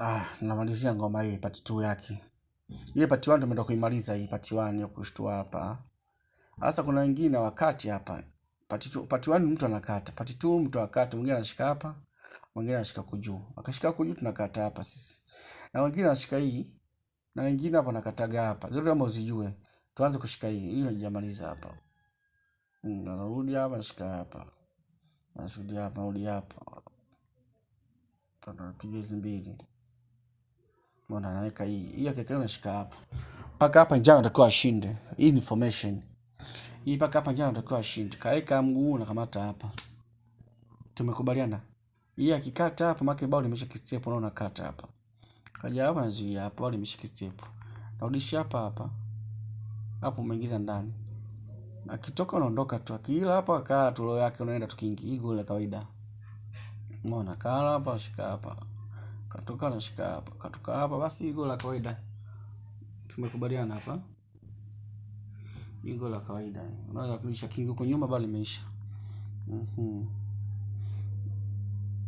Ah, namalizia ngoma hii part 2 yake. Hii part 1 tumeenda kuimaliza hii part 1 ya kushtua hapa. Sasa kuna wengine wakati hapa. Part 2, part 1 mtu anakata, part 2 mtu akata, mwingine anashika hapa, mwingine anashika kujuu. Akashika kujuu tunakata hapa sisi. Na wengine anashika hii na wengine hapa nakataga hapa. Zote kama uzijue. Tuanze kushika hii. Hiyo nijamaliza hapa. Na narudi hapa, nashika hapa. Nasudi hapa, narudi hapa. Tunapiga hizi mbili. Mbona naweka hii? Hii akikaa unashika hapa. Paka hapa njano atakuwa ashinde. Hii information. Hii paka hapa njano atakuwa ashinde. Kaeka mguu na kamata hapa. Tumekubaliana. Hii akikata hapa maki bao limesha kistep na unakata hapa. Kaja hapa na nazuia hapa bao limesha kistep. Narudisha hapa hapa. Hapo umeingiza ndani. Akitoka unaondoka tu. Akila hapa kala tulo yake unaenda tukingi. Hii goli la kawaida. Mbona kala hapa shika hapa katoka nashika hapa, katoka hapa, basi goal la kawaida. Tumekubaliana hapa ni la kawaida. Unaweza kurudisha kingi huko nyuma, bali imeisha. Mhm,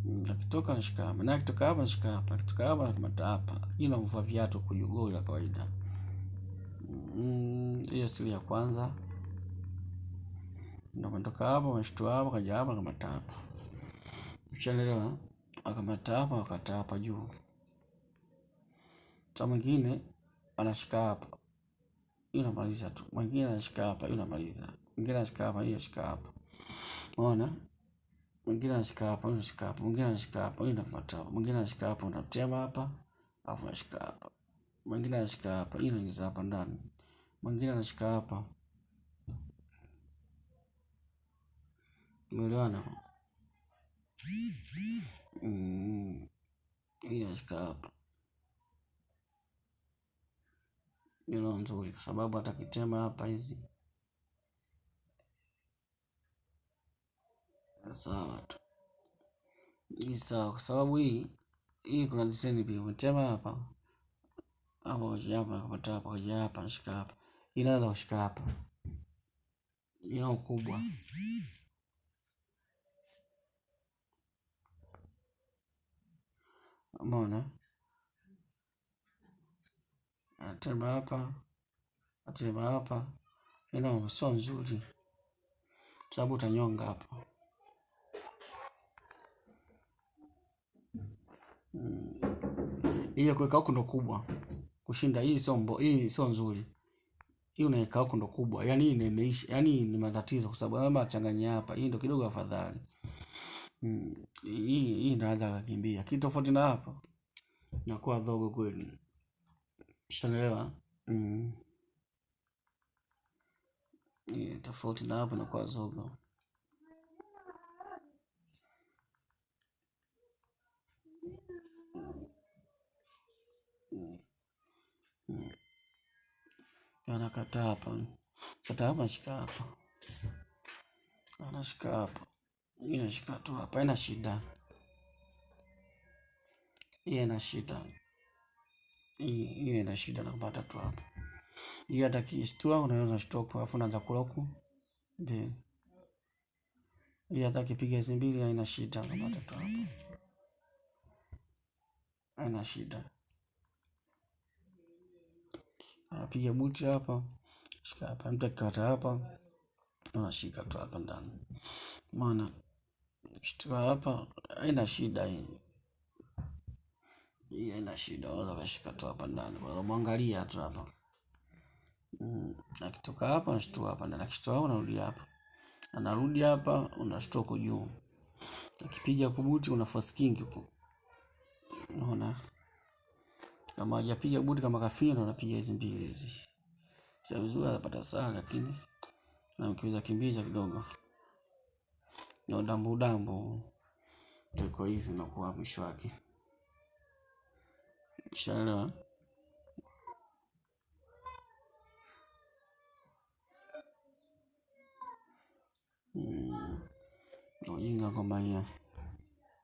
mm, akitoka nashika hapa, na akitoka hapa nashika hapa, akitoka hapa nakamata hapa, hii namvua viatu kujua goal la kawaida. Mm, hiyo siri ya kwanza ndio kutoka hapa, mshtua hapa, kaja hapa, kamata hapa, ushanelewa akamata hapa, akata hapa juu. Sasa mwingine anashika hapa, hiyo namaliza tu. Mwingine anashika hapa, hiyo namaliza. Mwingine anashika hapa, hiyo anashika hapa, unaona. Mwingine anashika hapa, hiyo anashika hapa. Mwingine anashika hapa, hiyo namata hapa. Mwingine anashika hapa, unatema hapa, alafu anashika hapa. Mwingine anashika hapa, hiyo unaingiza hapa ndani. Mwingine anashika hapa, umeelewana? Azika hapa nilo nzuri, kwa sababu atakitema hapa hizi sawa tu hii sawa, kwa sababu hii hii kuna diseni pia umetema hapa hapo, kaja hapa kapata hapa, kaja hapa nashika hapa, inaweza kushika hapa, ina ukubwa Umeona anateba hapa, atema hapa, ino sio nzuri, sababu utanyonga hapo. Hii ya kuweka ndo kubwa kushinda hii, sio mbo, hii sio nzuri hii unaweka huko ndo kubwa, yani hii imeisha, yaani ni matatizo, kwa sababu ama changanya hapa, hii ndo kidogo afadhali hii hii ndo anza akakimbia, lakini tofauti na hapo nakuwa dhogo kweli, shanaelewa mm. Yeah, tofauti na hapo nakuwa zogo yaani anakata hapa, kata hapa, shika hapa, anashika hapa hii tu hapa, ina shida hiyo, ina shida hiyo, ina shida na kupata tu hapa. Hiyo hata kistua unaweza stroke, alafu unaanza kuloku ndio hiyo. Hata kipiga hizi mbili haina shida, unapata tu hapa, haina shida. Anapiga buti hapa, shika hapa, mtu akikata hapa unashika tu hapa ndani maana Ukishtua hapa haina shida hii. Hii haina shida, waweza ukashika tu hapa ndani. Kwa muangalia tu hapa. Mm, akitoka hapa nashtua hapa ndani. Akishtua unarudi hapa. Anarudi hapa unashtua huko juu. Akipiga kubuti una force king huko. Unaona? Kama hajapiga buti kama kafinya unapiga hizi mbili hizi. Sio vizuri, atapata saa lakini na mkiweza kimbiza kidogo na udambu udambu tuko hivi nakuwa mwisho wake shaelewa. Hmm. Ujinga kwa maana